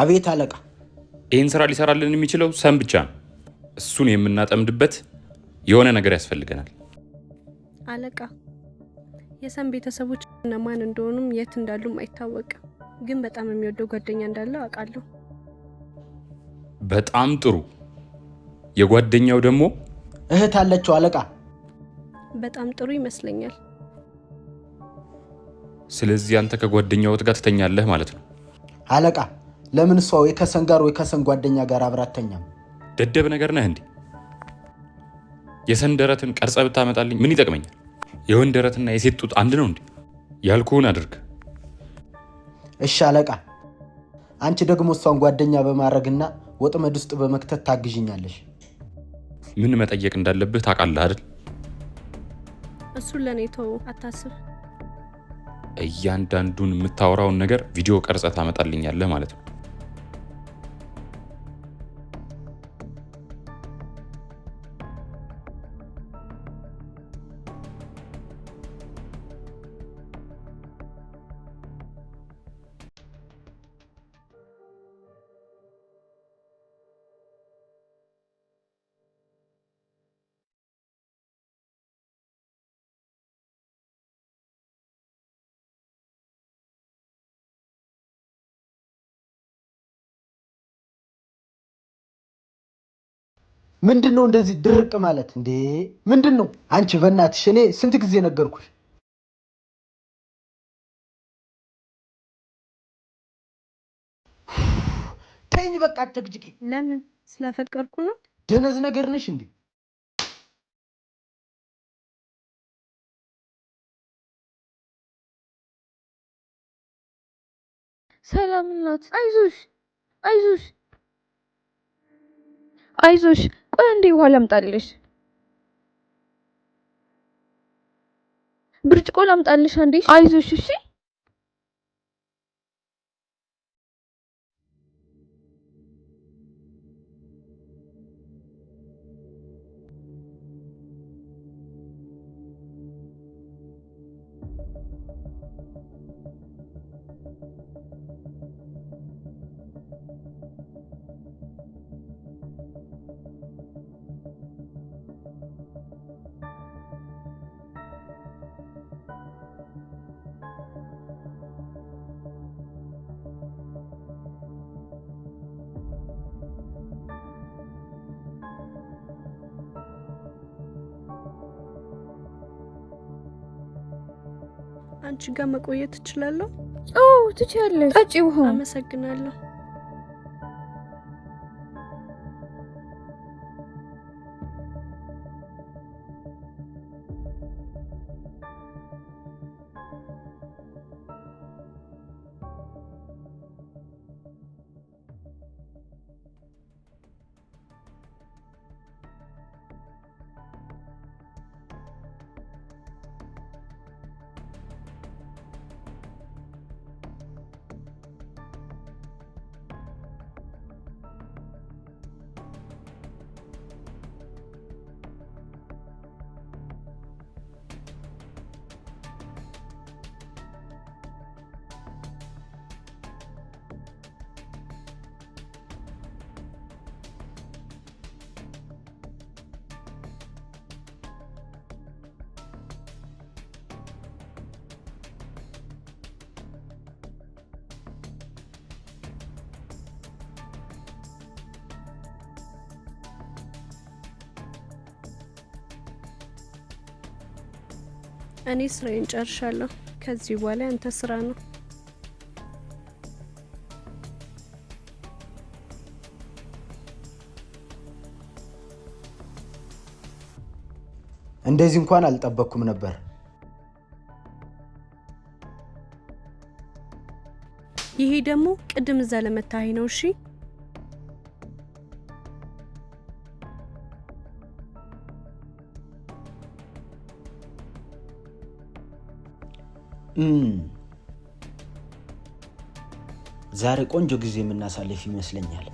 አቤት አለቃ። ይህን ስራ ሊሰራልን የሚችለው ሰም ብቻ ነው። እሱን የምናጠምድበት የሆነ ነገር ያስፈልገናል አለቃ። የሰም ቤተሰቦች እነማን እንደሆኑም የት እንዳሉም አይታወቅም፣ ግን በጣም የሚወደው ጓደኛ እንዳለው አውቃለሁ። በጣም ጥሩ። የጓደኛው ደግሞ እህት አለችው አለቃ። በጣም ጥሩ ይመስለኛል። ስለዚህ አንተ ከጓደኛው ጋር ትተኛለህ ማለት ነው አለቃ። ለምን እሷ ወይ ከሰን ጋር ወይ ከሰን ጓደኛ ጋር አብራተኛም? ደደብ ነገር ነህ እንዴ? የሰን ደረትን ቀርጸ ብታመጣልኝ ምን ይጠቅመኛል? የወንድ ደረትና የሴት ጡት አንድ ነው እንዴ? ያልኩህን አድርግ እሺ። አለቃ፣ አንቺ ደግሞ እሷን ጓደኛ በማድረግና ወጥመድ ውስጥ በመክተት ታግዥኛለሽ። ምን መጠየቅ እንዳለብህ ታውቃለህ አይደል? እሱን ለእኔ ተው፣ አታስብ። እያንዳንዱን የምታወራውን ነገር ቪዲዮ ቀርጸ ታመጣልኛለህ ማለት ነው። ምንድን ነው እንደዚህ ድርቅ ማለት እንዴ? ምንድን ነው አንቺ? በእናትሽ እኔ ስንት ጊዜ ነገርኩሽ? ተይኝ በቃ አጨቅጭቂ። ለምን ስለፈቀርኩ ነው? ደነዝ ነገር ነሽ እንዴ? ሰላም ናት። አይዞሽ አይዞሽ አይዞሽ ቆይ አንዴ ውሃ ላምጣልሽ፣ ብርጭቆ ላምጣልሽ አንዴ። አይዞሽ እሺ አንቺ ጋር መቆየት ትችላለሁ? ኦ ትችያለሽ። ጠጪ ውሃ። አመሰግናለሁ። እኔ ስራዬን ጨርሻለሁ። ከዚህ በኋላ አንተ ስራ ነው። እንደዚህ እንኳን አልጠበቅኩም ነበር። ይሄ ደግሞ ቅድም እዛ ለመታሄ ነው። እሺ ዛሬ ቆንጆ ጊዜ የምናሳልፍ ይመስለኛል።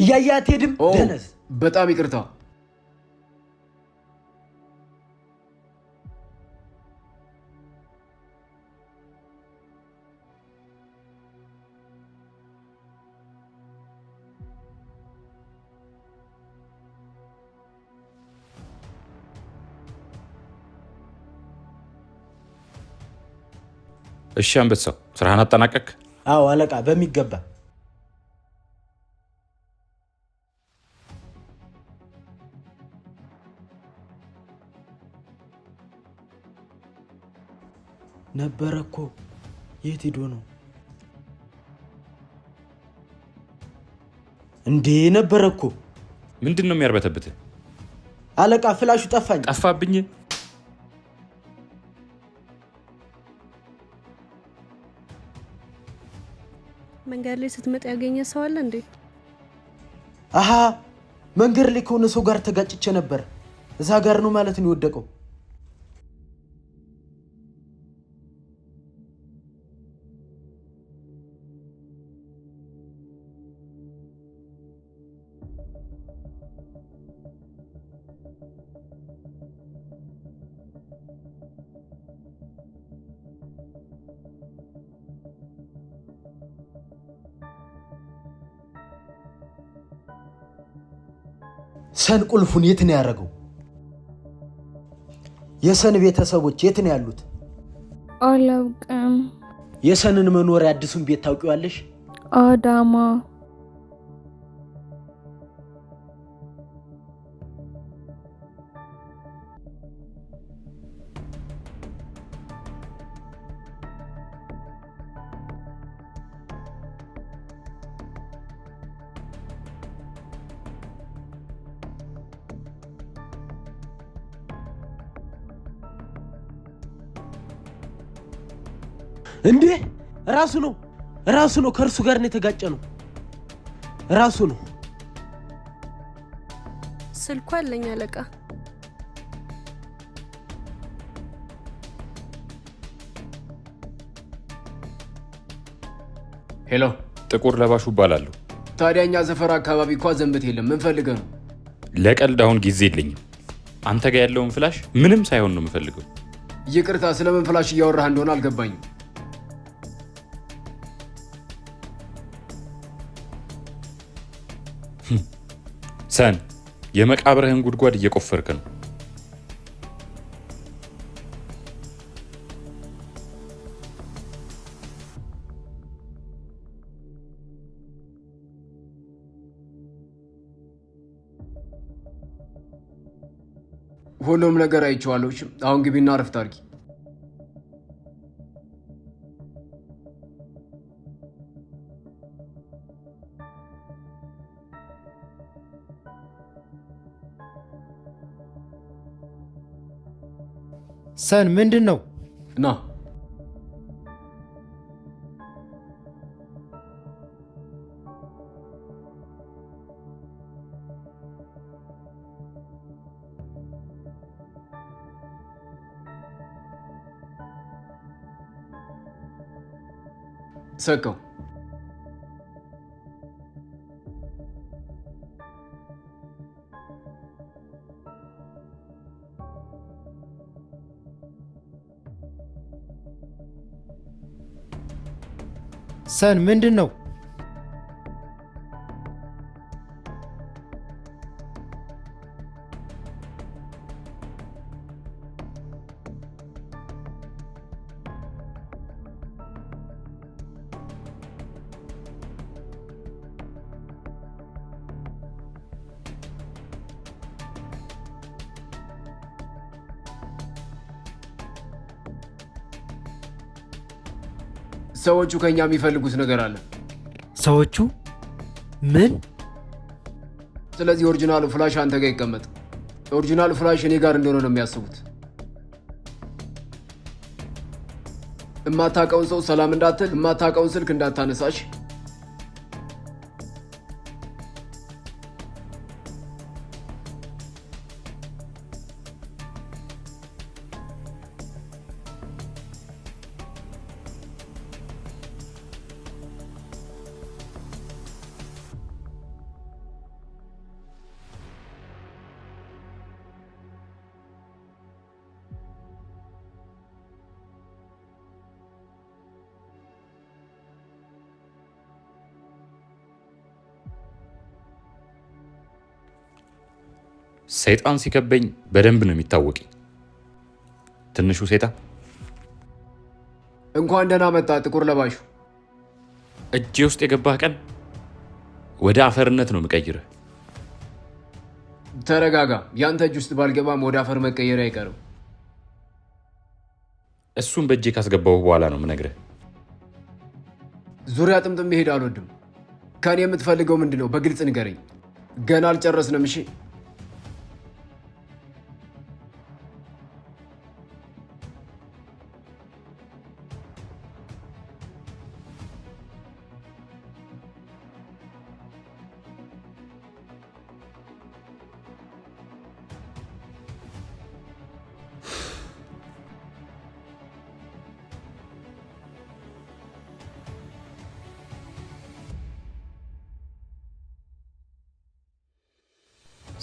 እያያት ደነዝ በጣም ይቅርታ እሺ አንበሳው ስራህን አጠናቀቅ? አዎ አለቃ፣ በሚገባ ነበረ እኮ የት ሄዶ ነው እንዴ? ነበረ እኮ ምንድን ነው የሚያርበተብት? አለቃ ፍላሹ ጠፋኝ። ጠፋብኝ መንገድ ላይ ስትመጣ ያገኘ ሰው አለ እንዴ? አሃ መንገድ ላይ ከሆነ ሰው ጋር ተጋጭቼ ነበር። እዛ ጋር ነው ማለት ነው የወደቀው። ሰን ቁልፉን የት ነው ያደረገው? የሰን ቤተሰቦች የት ነው ያሉት? አላውቅም። የሰንን መኖሪያ አዲሱን ቤት ታውቂዋለሽ? አዳማ እንዴ ራሱ ነው ራሱ ነው ከእርሱ ጋር ነው የተጋጨ ነው ራሱ ነው። ስልኩ አለኝ አለቃ። ሄሎ፣ ጥቁር ለባሹ እባላለሁ። ታዲያ እኛ ሰፈር አካባቢ እኳ ዘንበት የለም። ምን ነው? ለቀልድ አሁን ጊዜ የለኝም። አንተ ጋር ያለውን ፍላሽ ምንም ሳይሆን ነው የምፈልገው። ይቅርታ፣ ስለምን ፍላሽ እያወራህ እንደሆነ አልገባኝም። ሰን የመቃብርህን ጉድጓድ እየቆፈርክ ነው። ሁሉም ነገር አይቼዋለሁ። አሁን ግቢና ረፍት አድርጊ። ሰን ምንድን ነው? ና ሰከው ሰን ምንድን ነው? ሰዎቹ ከእኛ የሚፈልጉት ነገር አለ። ሰዎቹ ምን? ስለዚህ ኦሪጂናሉ ፍላሽ አንተ ጋር ይቀመጥ። ኦሪጂናሉ ፍላሽ እኔ ጋር እንደሆነ ነው የሚያስቡት። የማታቀውን ሰው ሰላም እንዳትል፣ የማታቀውን ስልክ እንዳታነሳሽ ሰይጣን ሲከበኝ በደንብ ነው የሚታወቅኝ። ትንሹ ሰይጣን እንኳን ደህና መጣ ጥቁር ለባሹ። እጄ ውስጥ የገባህ ቀን ወደ አፈርነት ነው የምቀይርህ። ተረጋጋ። ያንተ እጅ ውስጥ ባልገባም ወደ አፈር መቀየር አይቀርም። እሱን በእጄ ካስገባው በኋላ ነው ምነግርህ። ዙሪያ ጥምጥም መሄድ አልወድም። ከኔ የምትፈልገው ምንድን ነው? በግልጽ ንገረኝ። ገና አልጨረስንም። እሺ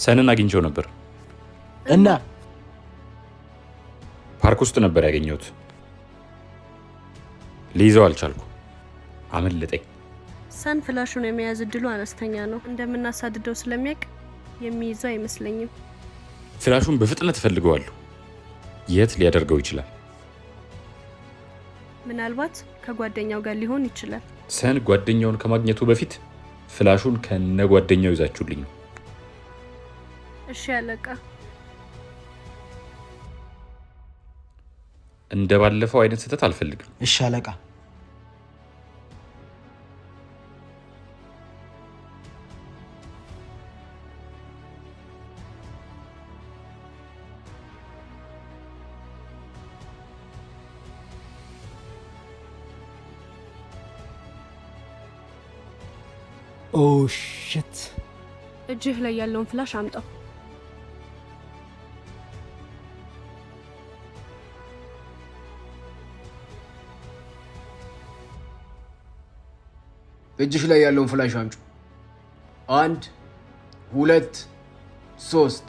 ሰንን አግኝቸው ነበር እና ፓርክ ውስጥ ነበር ያገኘሁት። ሊይዘው አልቻልኩ፣ አመለጠኝ። ሰን ፍላሹን የመያዝ እድሉ አነስተኛ ነው። እንደምናሳድደው ስለሚያውቅ የሚይዘው አይመስለኝም። ፍላሹን በፍጥነት እፈልገዋለሁ። የት ሊያደርገው ይችላል? ምናልባት ከጓደኛው ጋር ሊሆን ይችላል። ሰን ጓደኛውን ከማግኘቱ በፊት ፍላሹን ከነ ጓደኛው ይዛችሁልኝ ነው እሺ አለቃ። እንደ ባለፈው አይነት ስህተት አልፈልግም። እሺ አለቃ። ኦ ሽት! እጅህ ላይ ያለውን ፍላሽ አምጣው። እጅሽ ላይ ያለውን ፍላሽ አምጩ አንድ ሁለት ሶስት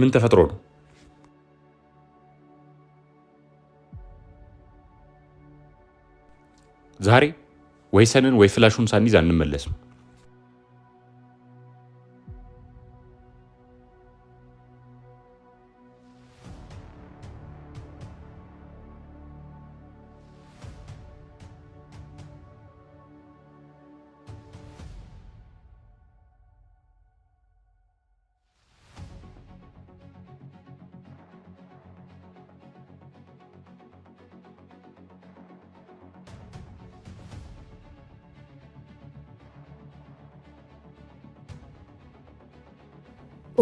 ምን ተፈጥሮ ነው? ዛሬ ወይ ሰንን ወይ ፍላሹን ሳንይዝ አንመለስም።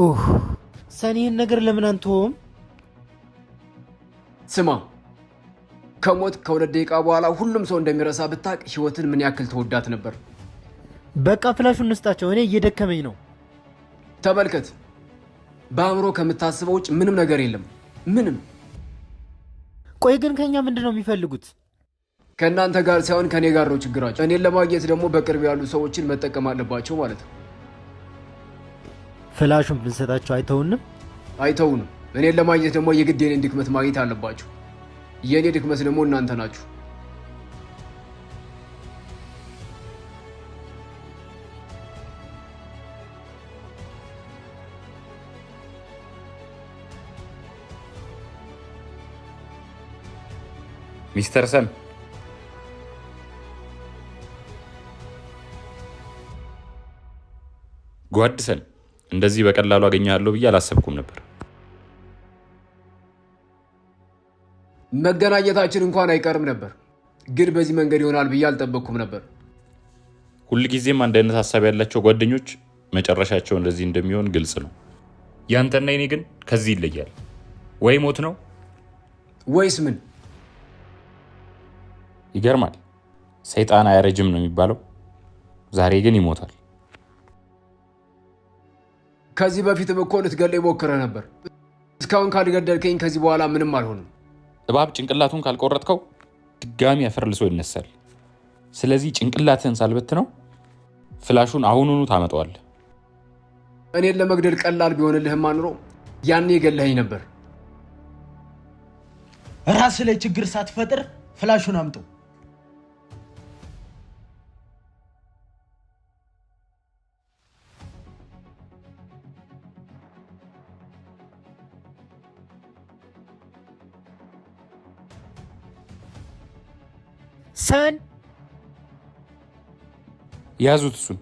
ኦህ ሰኒህን ነገር ለምን አንተውም? ስማ ከሞት ከሁለት ደቂቃ በኋላ ሁሉም ሰው እንደሚረሳ ብታቅ ህይወትን ምን ያክል ተወዳት ነበር። በቃ ፍላሹ እንስጣቸው፣ እኔ እየደከመኝ ነው። ተመልከት፣ በአእምሮ ከምታስበው ውጭ ምንም ነገር የለም። ምንም። ቆይ ግን ከእኛ ምንድን ነው የሚፈልጉት? ከእናንተ ጋር ሳይሆን ከእኔ ጋር ነው ችግራቸው። እኔን ለማግኘት ደግሞ በቅርብ ያሉ ሰዎችን መጠቀም አለባቸው ማለት ነው። ፍላሹን ብንሰጣቸው አይተውንም አይተውንም። እኔን ለማግኘት ደግሞ የግድ የኔን ድክመት ማግኘት አለባችሁ። የእኔ ድክመት ደግሞ እናንተ ናችሁ። ሚስተር ሰም ጓድ ሰን እንደዚህ በቀላሉ አገኘሃለሁ ብዬ አላሰብኩም ነበር። መገናኘታችን እንኳን አይቀርም ነበር፣ ግን በዚህ መንገድ ይሆናል ብዬ አልጠበቅኩም ነበር። ሁልጊዜም አንድ አይነት ሀሳብ ያላቸው ጓደኞች መጨረሻቸው እንደዚህ እንደሚሆን ግልጽ ነው። ያንተና የኔ ግን ከዚህ ይለያል። ወይ ሞት ነው ወይስ ምን? ይገርማል። ሰይጣን አያረጅም ነው የሚባለው። ዛሬ ግን ይሞታል። ከዚህ በፊትም እኮ ልትገለኝ ሞክረህ ነበር። እስካሁን ካልገደልከኝ ከዚህ በኋላ ምንም አልሆንም። እባብ ጭንቅላቱን ካልቆረጥከው ድጋሚ አፈርልሶ ይነሳል። ስለዚህ ጭንቅላትህን ሳልበት ነው ፍላሹን አሁኑኑ ታመጠዋል። እኔን ለመግደል ቀላል ቢሆንልህም አኑሮ ያኔ የገለኸኝ ነበር። ራስ ላይ ችግር ሳትፈጥር ፍላሹን አምጡ። ሰን ያዙት እሱን